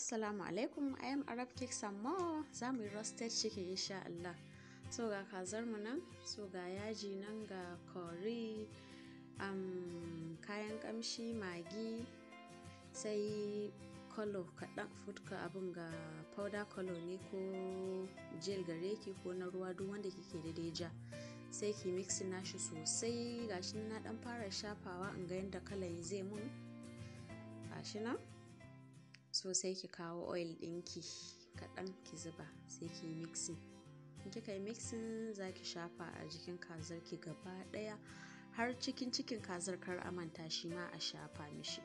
assalamu alaikum i am arab cake sammo za mu yi roasted chicken insha Allah so ga kazar mu nan so ga yaji nan ga curry um, kayan kamshi magi sai kolo kaɗan futka abin ga powder kolo ne ko gel gare ki ko na ruwa duk wanda kike daidai ja sai ki mixin nashi sosai gashi na dan fara shafawa in ga yadda kalan zai mun gashi nan so sai ki kawo oil ɗinki kaɗan ki zuba sai ki yi mixing in kika yi mixing za ki shafa a jikin kazar ki gaba ɗaya har cikin cikin kazar kar a manta shi ma a shafa mishi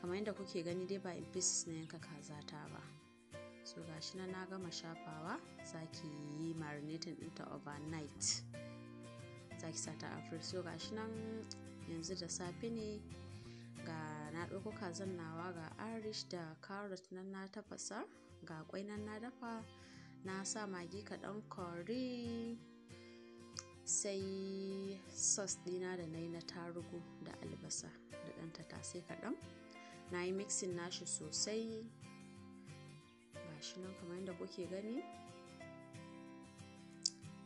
kamar yadda kuke gani dai ba in pieces na yanka kaza ta ba so shi na na gama shafawa za ki yi marinating ɗinta overnight za ki sata a fridge so shi nan yanzu da safe ne ga na ɗauko kazan nawa ga irish da carrot nan na tafasa ga kwai nan na dafa na sa magi kaɗan curry sai sauce ɗina da na yi na tarugu da albasa da ɗan tattasai kaɗan na yi mixing nashi sosai gashi nan kamar yadda kuke gani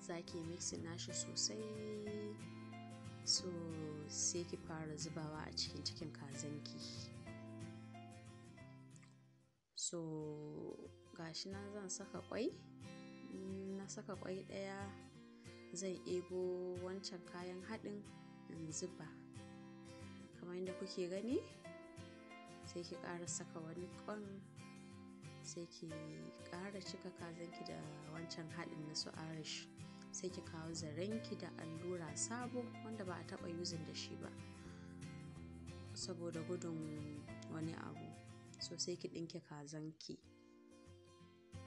zaki ki mixin nashi sosai so sai ki fara zubawa a cikin cikin kazanki so gashi nan zan saka kwai na saka kwai ɗaya zan ebo wancan kayan haɗin in zuba kamar yadda kuke gani sai ki ƙara saka wani ƙwan sai ki ƙara cika kazanki da wancan haɗin na su arish sai ki kawo zarenki da allura sabo wanda ba a taɓa yuzin da shi ba saboda gudun wani abu so sai ki ɗinke kazanki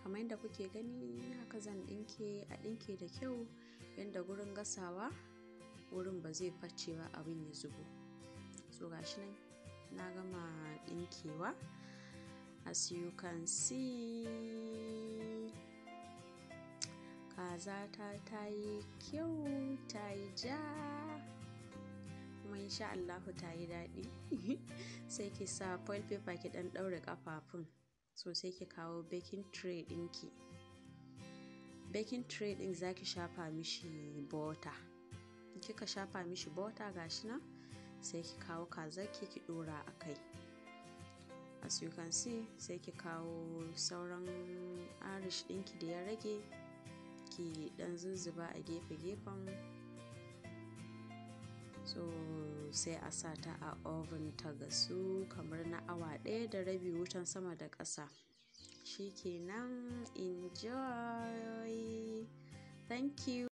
kamar yadda kuke gani haka zan ɗinke a ɗinke da kyau yadda gurin gasawa wurin ba zai facewa ba abin ya zubo so gashi nan na gama ɗinkewa as you can see kaza ta ta yi kyau ta yi ja kuma insha Allahu ta yi daɗi sai ki sa foil paper ki ɗan ɗaure ƙafafun so sai ki kawo baking tray ɗinki baking tray ɗin za ki shafa mishi bota kika shafa mishi bota gashi nan sai ki kawo kazaki ki ɗora a kai as you can see sai ki kawo sauran arish ɗinki da ya rage ki ɗan zuzzuba a gefe-gefen so sai a sa ta a oven ta gasu kamar na awa ɗaya da rabi wutan sama da ƙasa shikenan enjoy thank you